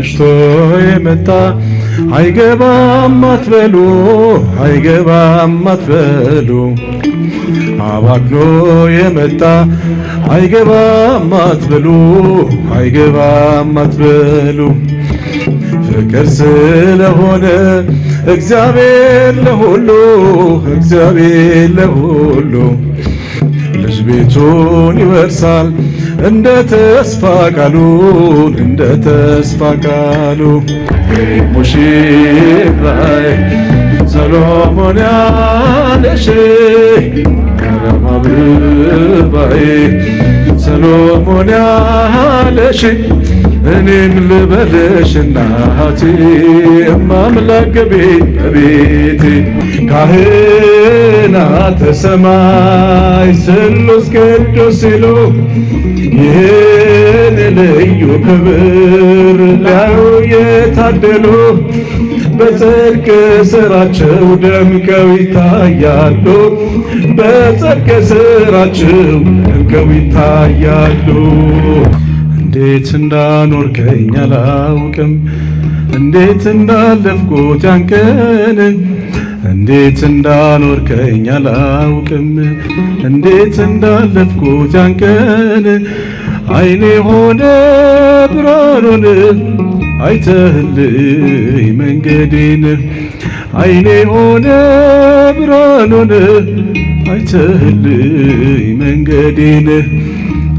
መሽቶ የመጣ አይገባም አትበሉ፣ አይገባም አትበሉ። አባክኖ የመጣ አይገባም አትበሉ፣ አይገባም አትበሉ። ፍቅር ስለሆነ እግዚአብሔር ለሁሉ እግዚአብሔር ለሁሉ ቤቱን ይወርሳል እንደ ተስፋ ቃሉ እንደ ተስፋ ቃሉ ሙሽራዬ ሰሎሞን ያለሽ ከረማ ሰሎሞን ያለሽ እኔም ልበልሽ እናቴ እማምላክ ቤት በቤቴ ካህን ካህናተ ሰማይ ስሉስ ቅዱስ ሲሉ ይህን ልዩ ክብር ላዩ የታደሉ በጽድቅ ስራቸው ደምቀው ይታያሉ። በጽድቅ ስራቸው ደምቀው ይታያሉ። እንዴት እንዳኖርከኝ አላውቅም፣ እንዴት እንዳለፍኩት ያንቀንን እንዴት እንዳኖርከኝ አላውቅም፣ እንዴት እንዳለፍኩት ያን ቀን አይኔ ሆነ ብርሃኑን አይተህልኝ መንገዴን አይኔ ሆነ ብርሃኑን አይተህልኝ መንገዴን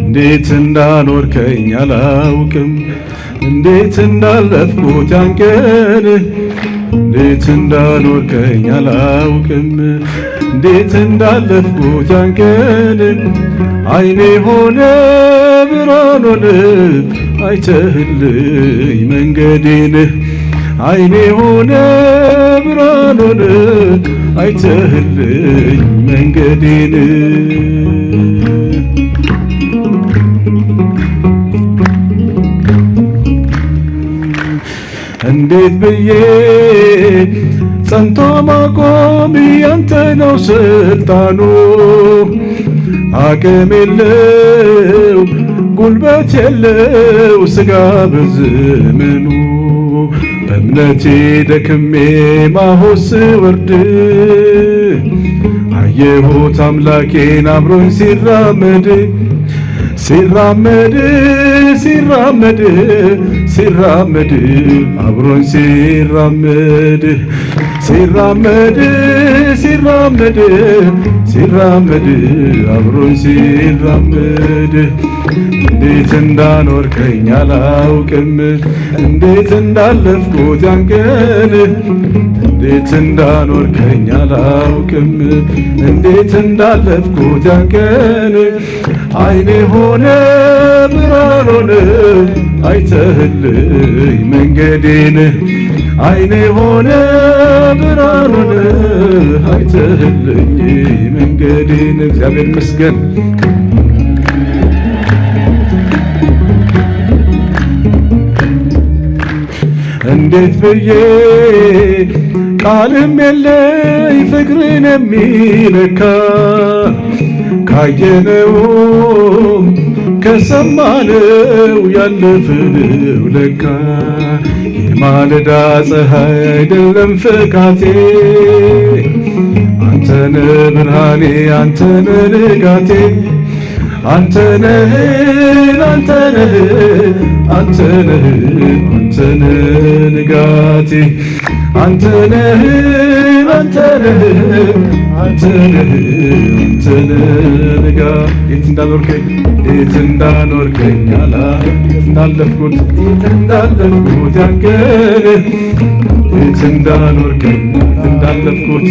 እንዴት እንዳኖርከኝ አላውቅም፣ እንዴት እንዳለፍኩት ያን ቀን እንዴት እንዳልወርከኝ አላውቅም እንዴት እንዳለፍኩት ያንቀን አይኔ ሆነ ብርሃን ሆነ አይተህልኝ መንገዴን አይኔ ሆነ ብርሃን ሆነ አይተህልኝ መንገዴን እንዴት ብዬ ጸንቶ ማቆም ያንተ ነው ስልጣኑ። አቅም የለው ጉልበት የለው ስጋ በዘመኑ በእምነቴ ደክሜ ማሆስ ወርድ አየሁት አምላኬን አብሮኝ ሲራመድ ሲራመድ ሲራመድ ሲራመድ አብሮኝ ሲራመድ ሲራመድ ሲራመድ ሲራመድ አብሮኝ ሲራመድ እንዴት እንዳኖርከኝ አላውቅም እንዴት እንዳለፍኩት ያን ቀን እንዴት እንዳኖርከኝ አላውቅም እንዴት እንዳለፍኩት ያን ቀን አይኔ ሆነ ብርሃን ሆነ አይተህልኝ መንገዴን አይኔ ሆነ ብርሃን ሆነ አይተህልኝ መንገዴን እግዚአብሔር ይመስገን። እንዴት ብዬ ቃልም የለኝ ፍቅርን የሚለካ ካየነው ከሰማነው ያለፍነው ለካ የማለዳ ፀሐይ አይደለም ፍካቴ አንተነ ብርሃኔ አንተነ ንጋቴ አንተ ነህ አንተ ነህ አንተ ነህ አንተ ንጋቴ አንተ ነህ አንተ ነህ ንጋ የት እንዳኖርከኝ የት እንዳኖርከኝ አላ እንዳለፍኩት እንዳለፍኩት ያገር እንዴት እንዳልወርቅ እንዳለፍኩት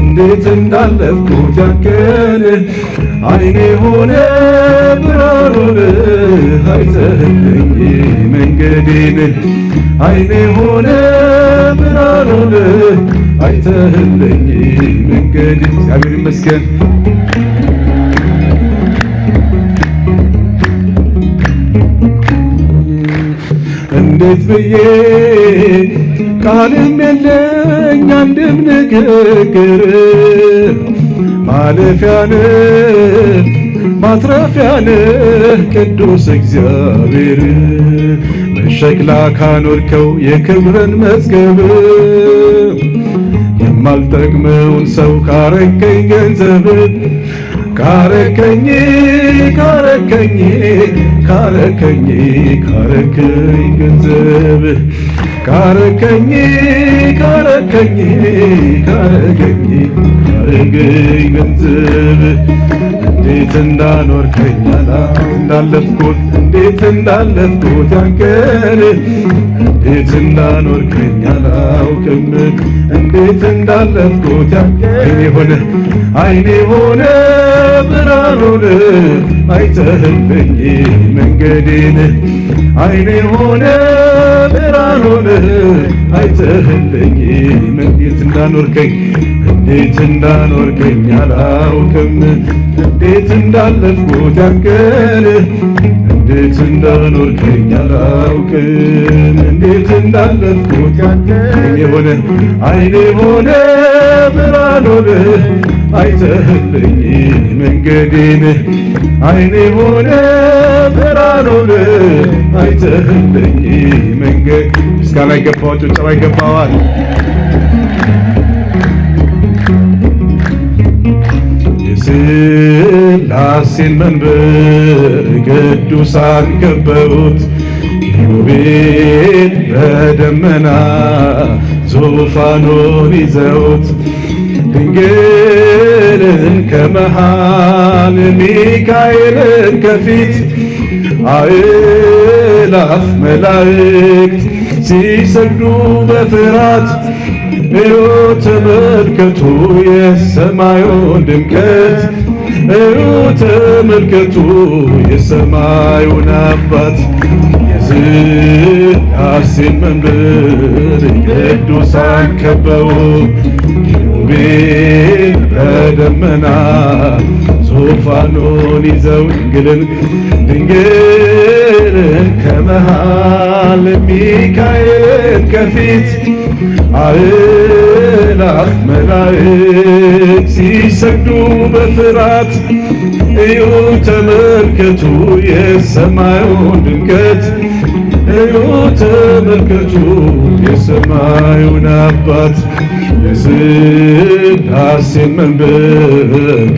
እንዴት እንዳለፍኩት ያገር አይኔ ሆነ ብርሃን ሆነ አይተህልኝ መንገዴን አይኔ ሆነ ብርሃን አይተህልኝ መንገድ እግዚአብሔር ይመስገን። እንዴት ብዬ ቃልም የለኝ አንድም ንግግር ማለፊያነ ማትረፊያነ ቅዱስ እግዚአብሔር በሸክላ ካኖርከው የክብርን መዝገብ የማልጠቅመውን ሰው ካረከኝ ገንዘብ ካረከኝ ካረከኝ ካረከኝ ካረከኝ ገንዘብ ካረከኝ ካረከኝ ካረከኝ ካረከኝ ገንዘብ እንዴት እንዳኖርከኝ እንዳለፍኩት እንዴት እንዳለፍኩት ያንቀን እንዴት እንዳኖርከኝ አላውቅም እንዴት እንዳለፍኩት ያንቀን ሆነ አይኔ ሆነ ብርሃን ሆነ አይተህልኝ መንገዴን አይኔ ሆነ ብርሃን ሆነ አይተህልኝ እንዴት እንዳኖርከኝ እንዴት እንዳኖርከኝ አላውቅም እንዴት እንዳለፍኩት ያንገል እንዴት እንዳኖርከኝ አላውቅም እንዴት እንዳለፍኩት ያንገል የሆነ አይኔ ሆነ ብርሃን አይተህልኝ መንገዴን አይኔ ሆነ ብርሃን አይተህልኝ መንገድ እስካላይ ገባችሁ ሊያገባ ይገባዋል። የሥላሴን መንበር ቅዱሳን ከበቡት ኪሩቤል በደመና ዙፋኑን ይዘውት ድንግልን ከመሃል ሚካኤልን ከፊት አእላፍ መላእክት ሲሰግዱ በፍራት እዩ ተመልከቱ የሰማዩን ድምቀት እዩ ተመልከቱ የሰማዩን አባት የዝቃሴን መንበር ቅዱሳን ከበው ኪሩቤል በደመና ዙፋኑን ይዘው ድንግልን ድንግልን ከመሃል ሚካ ከፊት አእላፍ መላእክ ሲሰግዱ በፍርሃት እዩ ተመልከቱ የሰማዩን ድምቀት እዩ ተመልከቱ የሰማዩን አባት የስላሴ መንበር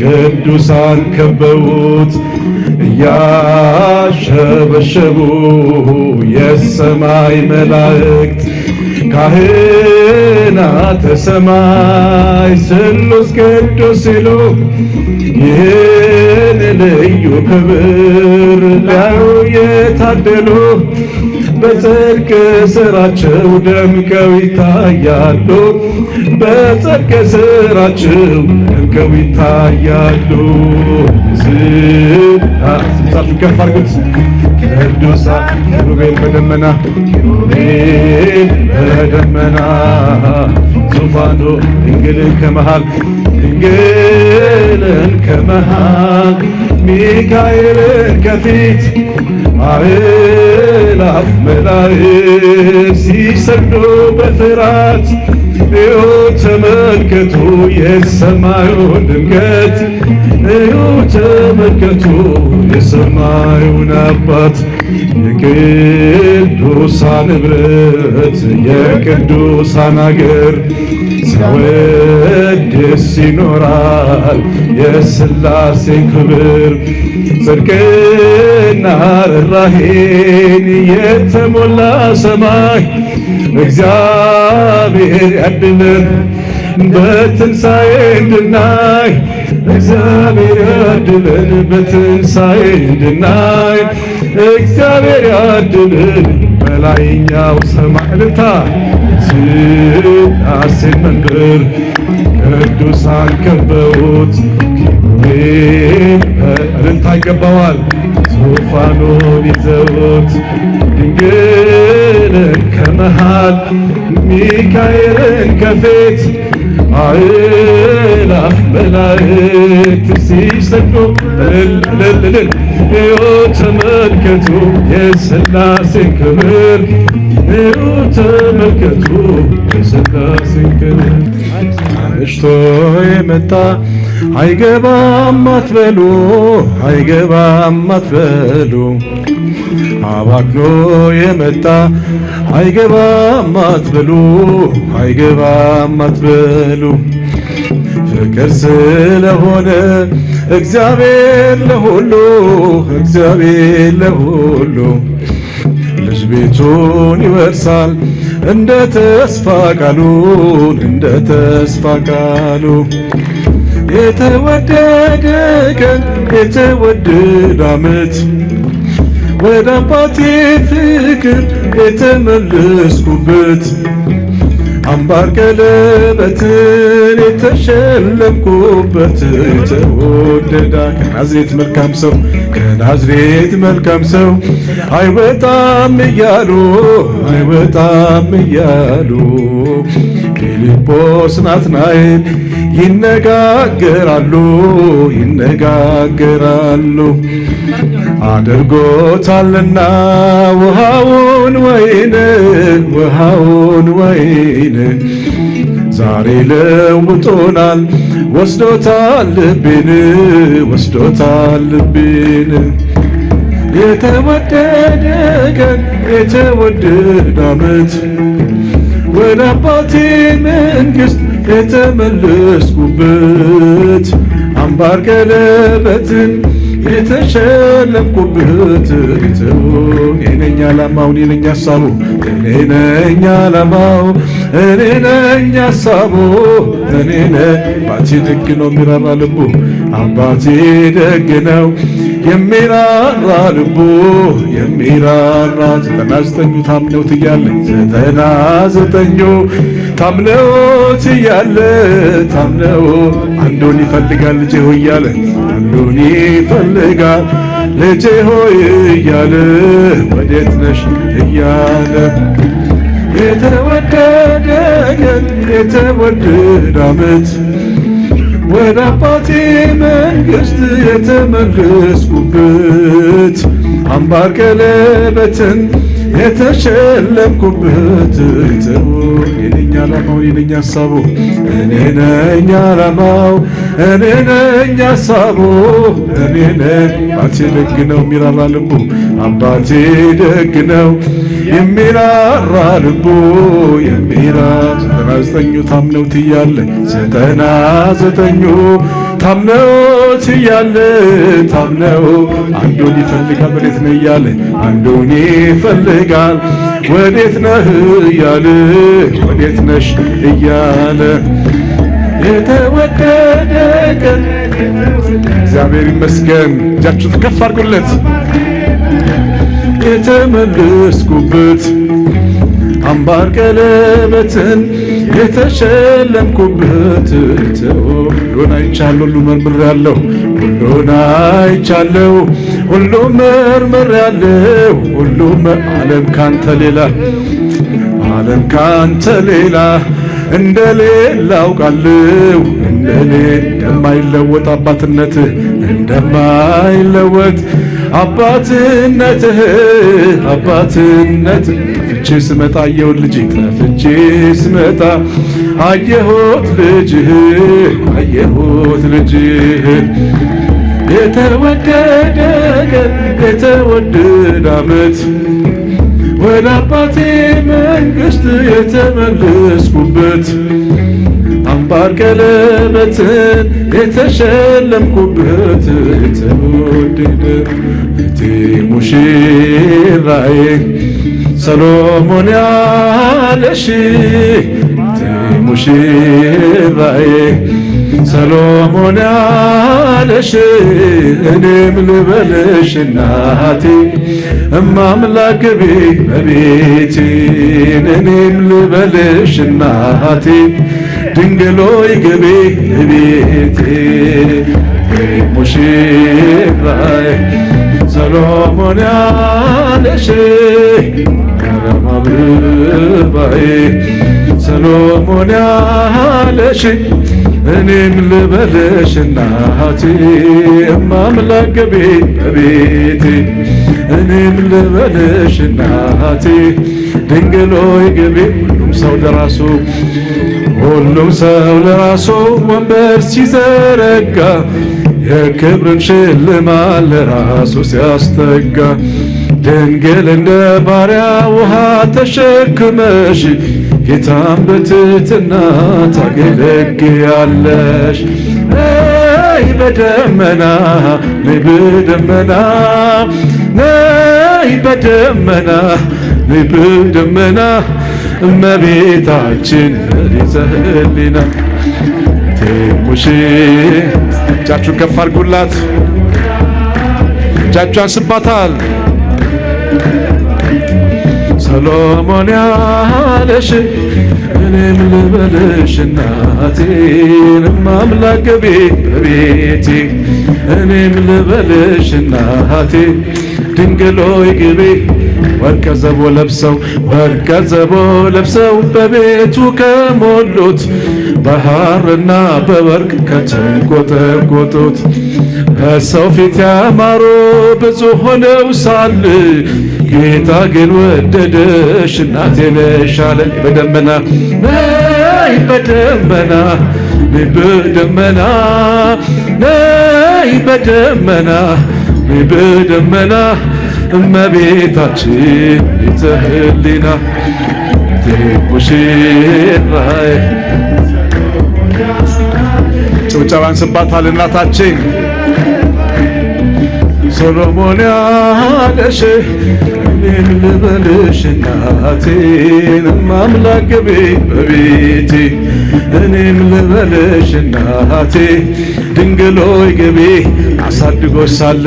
ቅዱሳን ከበቡት እያሸበሸቡ የሰማይ መላእክት ካህናተ ሰማይ ስሉስ ቅዱስ ሲሉ ይህን ልዩ ክብር ላዩ የታደሉ በጽድቅ ስራቸው ደምቀው ይታያሉ። በጽድቅ ስራቸው ደምቀው ይታያሉ። ስልሳችሁ ከፍ አድርጉት። ቅዱሳን ኪሩቤል በደመና ኪሩቤል በደመና ዙፋኑ ድንግልን ከመሃል ድንግልን ከመሃል ሚካኤልን ከፊት አእላፍ መላእክት ሲሰግዱ በፍራት እዩ ተመልከቱ የሰማዩን ድምቀት እዩ ተመልከቱ የሰማዩን አባት የቅዱሳን ንብረት የቅዱሳን አገር ሲያወድስ ይኖራል የስላሴን ክብር ጽድቅና ርኅራኄን የተሞላ ሰማይ እግዚአብሔር እግዚአብሔር ያድነን በትንሣኤ እንድናይ እግዚአብሔር ያድነን በትንሣኤ እንድናይ እግዚአብሔር ያድነን በላይኛው ሰማይ ልታ ስላሴ መንበር ቅዱሳን ከበውት ኪሩቤል እልልታ ይገባዋል። ዙፋኑን ይዘውት ድንግልን ከመሃል ሚካኤልን ከፊት አእላፍ መላእክት ሲሰግዱ እልል እዩ ተመልከቱ የሥላሴን ክብር እዩ ተመልከቱ የሥላሴን ክብር አምሽቶ የመጣ አይገባም አትበሉ አይገባም አትበሉ አባክኖ የመጣ አይገባም አትበሉ፣ አይገባም አትበሉ። ፍቅር ስለሆነ እግዚአብሔር ለሁሉ እግዚአብሔር ለሁሉ ልጅ ቤቱን ይወርሳል እንደ ተስፋ ቃሉን እንደ ተስፋ ቃሉ የተወደደ ቀን የተወደደ ዓመት ወደ አባቴ ፍቅር የተመለስኩበት አምባር ቀለበትን የተሸለምኩበት የተወደዳ ከናዝሬት መልካም ሰው ከናዝሬት መልካም ሰው አይወጣም እያሉ አይወጣም እያሉ ፊልጶስ ናትናኤል ይነጋገራሉ ይነጋገራሉ አድርጎታልና ውሃውን ወይን ውሃውን ወይን ዛሬ ለውጦናል፣ ወስዶታል ልቤን ወስዶታል ልቤን የተወደደ ቀን የተወደደ ዓመት ወደ አባቴ መንግስት የተመለስኩበት አምባር ቀለበትን የተሸለምኩብት ቤተው እኔነኛ ዓላማው እኔነኛ ሀሳቡ እኔነኛ ዓላማው እኔነኛ ሀሳቡ እኔነ አባቴ ደግ ነው የሚራራ ልቡ አባቴ ደግ ነው የሚራራ ልቡ የሚራራ ዘጠና ዘጠኙ ታምነውት እያለኝ ዘጠና ዘጠኙ ታምነውት እያለ ታምነው አንዱን ይፈልጋል ልጄ ሆይ እያለ አንዱን ይፈልጋል ልጄ ሆይ እያለ ወዴት ነሽ እያለ የተወደደ ቀን የተወደደ ዓመት ወደ አባቴ መንግስት የተመለስኩበት አምባር ቀለበትን የተሸለምኩበት የእኛ ዓላማው እኔ ነኝ ሀሳቡ እኔ ነኝ ዓላማው እኔ ነኝ ሀሳቡ እኔ ነኝ አባቴ ደግ ነው የሚራራ ልቡ አባቴ ደግ ነው የሚራራ ልቡ የሚራ ዘጠና ዘጠኙ ታምነውት እያለ ዘጠና ዘጠኙ ታምነውት እያለ ታምነው አንዱን ይፈልጋል ወዴት ነህ እያለ አንዱን ይፈልጋል ወዴት ነህ እያለ ወዴት ነሽ እያለ የተወደደ ቀን እግዚአብሔር ይመስገን። እጃችሁ ከፍ አድርጉለት የተመለስኩበት አምባር ቀለበትን የተሸለምኩበት ሁሉን አይቻለሁ፣ ሁሉ መርምሬያለሁ፣ ሁሉን አይቻለሁ፣ ሁሉ መርምሬያለሁ። ሁሉ ዓለም ካንተ ሌላ ዓለም ካንተ ሌላ እንደሌላ አውቃለሁ እንደሌ እንደማይለወጥ አባትነትህ እንደማይለወጥ አባትነትህ አባትነት ፍቼ ስመጣ አየሁት ልጅ ፍቼ ስመጣ አየሁት ልጅህ አየሁት ልጅህ የተወደደ ቀን የተወደደ ዓመት ወደ አባቴ መንግስት የተመለስኩበት ከባድ ቀለበትን የተሸለምኩበት የተወደደ እቴ ሙሽራዬ ሰሎሞን ያለሽ እቴ ሙሽራዬ ሰሎሞን ያለሽ እኔም ልበልሽ እናቴ እማምላክ ቤት እኔም ልበልሽ እናቴ ድንግል ሆይ ግቢ ቤቴ ሙሽራይ ሰሎሞን ያለሽ ከረም አብርባይ ሰሎሞን ያለሽ እኔም ልበልሽ እናቴ እማምላክ ግቢ ቤቴ እኔም ልበልሽ እናቴ ድንግል ሆይ ሁሉም ሰው ለራሱ ሁሉም ሰው ለራሱ ወንበር ሲዘረጋ የክብርን ሽልማት ለራሱ ሲያስተጋ ድንግል እንደ ባሪያ ውሃ ተሸክመሽ ጌታን በትህትና ታገለግያለሽ። ነይ በደመና ነይ በደመና ነይ በደመና ነይ በደመና እመቤታችን ይዘህሊና ቴሙሽ እጃችሁን ከፍ አድርጉላት። እጃችኋን ስባታል ሰሎሞን ያለሽ ምንም ልበልሽ እናቴንም አምላክ ገቤ በቤቴ እኔም ልበልሽ እናቴ ድንግሎይ ግቤ ወርቀ ዘቦ ለብሰው ወርቀ ዘቦ ለብሰው በቤቱ ከሞሉት በሐርና በወርቅ ከተንቆጠቆጡት በሰው ፊት ያማሩ ብዙ ሆነው ሳል ጌታ ግን ወደደሽ እናቴ ነሽ በደመና ነይ በደመና ነይ በደመና ነይ በደመና ነይ በደመና እመቤታችን ይተህሊና ሙሽራዬ ጭብጨባን ስባት አልናታችን ሰሎሞን ያለሽ እኔም ልበልሽ እናቴ አምላክ ግቢ በቤቴ እኔም ልበልሽ እናቴ ድንግሎይ ግቢ አሳድጎች ሳለ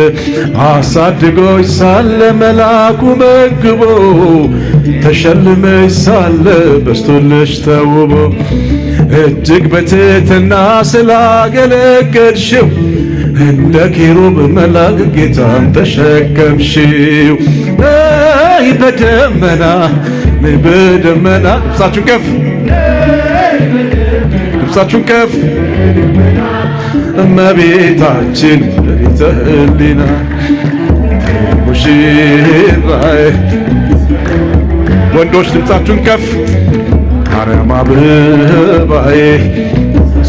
አሳድጎች ሳለ መላኩ መግቦ ተሸልመች ሳለ በስቶልሽ ተውቦ እጅግ በትህትና ስላገለገልሽው እንደ ኪሩብ መላክ ጌታም ተሸከምሽው ነይ በደመና ነይ በደመና ልብሳችሁን ከፍ ልብሳችሁን ከፍ እመቤታችን ለቤተ ሕሊና ሙሽራይ ወንዶች ልብሳችሁን ከፍ ማርያም አበባዬ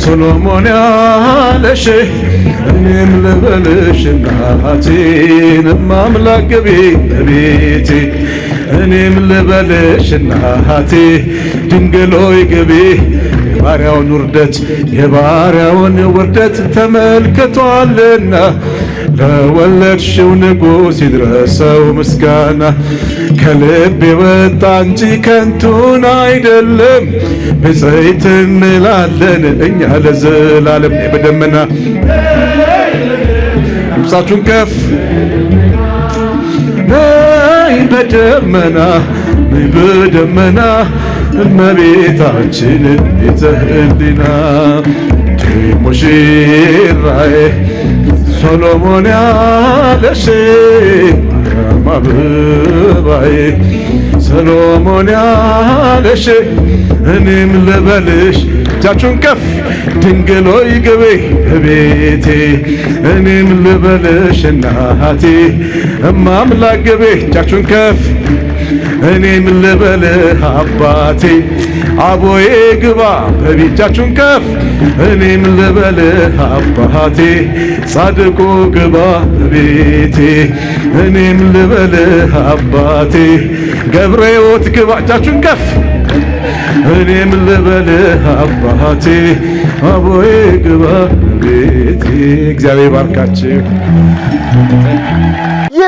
ሶሎሞን ያለሽ እኔም ልበልሽ እናቴ አምላክ ግቢ በቤቴ እኔም ልበልሽ እናቴ ድንግል ሆይ ግቢ የባሪያውን ውርደት የባሪያውን ውርደት ተመልክቷልና ለወለድሽው ንጉሥ ይድረሰው ምስጋና። ከልብ የወጣ እንጂ ከንቱን አይደለም። ብፅዕት እንላለን እኛ ለዘላለም በደመና ድምፃችሁን ከፍ ነይ በደመና ነይ በደመና እመቤታችን ይዘህልና ሙሽራዬ ሶሎሞን ያለሽ ማርያም አበባዬ ሰሎሞን ያለሽ እኔም ልበልሽ እጃችሁን ከፍ ድንግሎይ ሆይ ግቢ እቤቴ እኔም ልበልሽ እናቴ እማምላክ ግቢ እጃችሁን ከፍ እኔም ልበልህ አባቴ አቦዬ ግባ በቢጃችሁን ከፍ እኔም ልበልህ አባቴ ጻድቁ ግባ በቤቴ እኔም ልበልህ አባቴ ገብረሕይወት ግባ እጃችሁን ከፍ እኔም ልበልህ አባቴ አቦዬ ግባ በቤቴ እግዚአብሔር ባርካችሁ።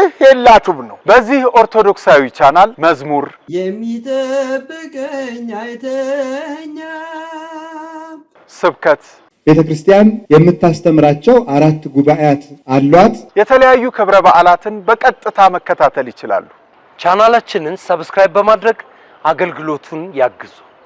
ይህ የላችሁም ነው። በዚህ ኦርቶዶክሳዊ ቻናል መዝሙር የሚጠብቀኝ አይተኛም፣ ስብከት ቤተ ክርስቲያን የምታስተምራቸው አራት ጉባኤያት አሏት። የተለያዩ ክብረ በዓላትን በቀጥታ መከታተል ይችላሉ። ቻናላችንን ሰብስክራይብ በማድረግ አገልግሎቱን ያግዙ።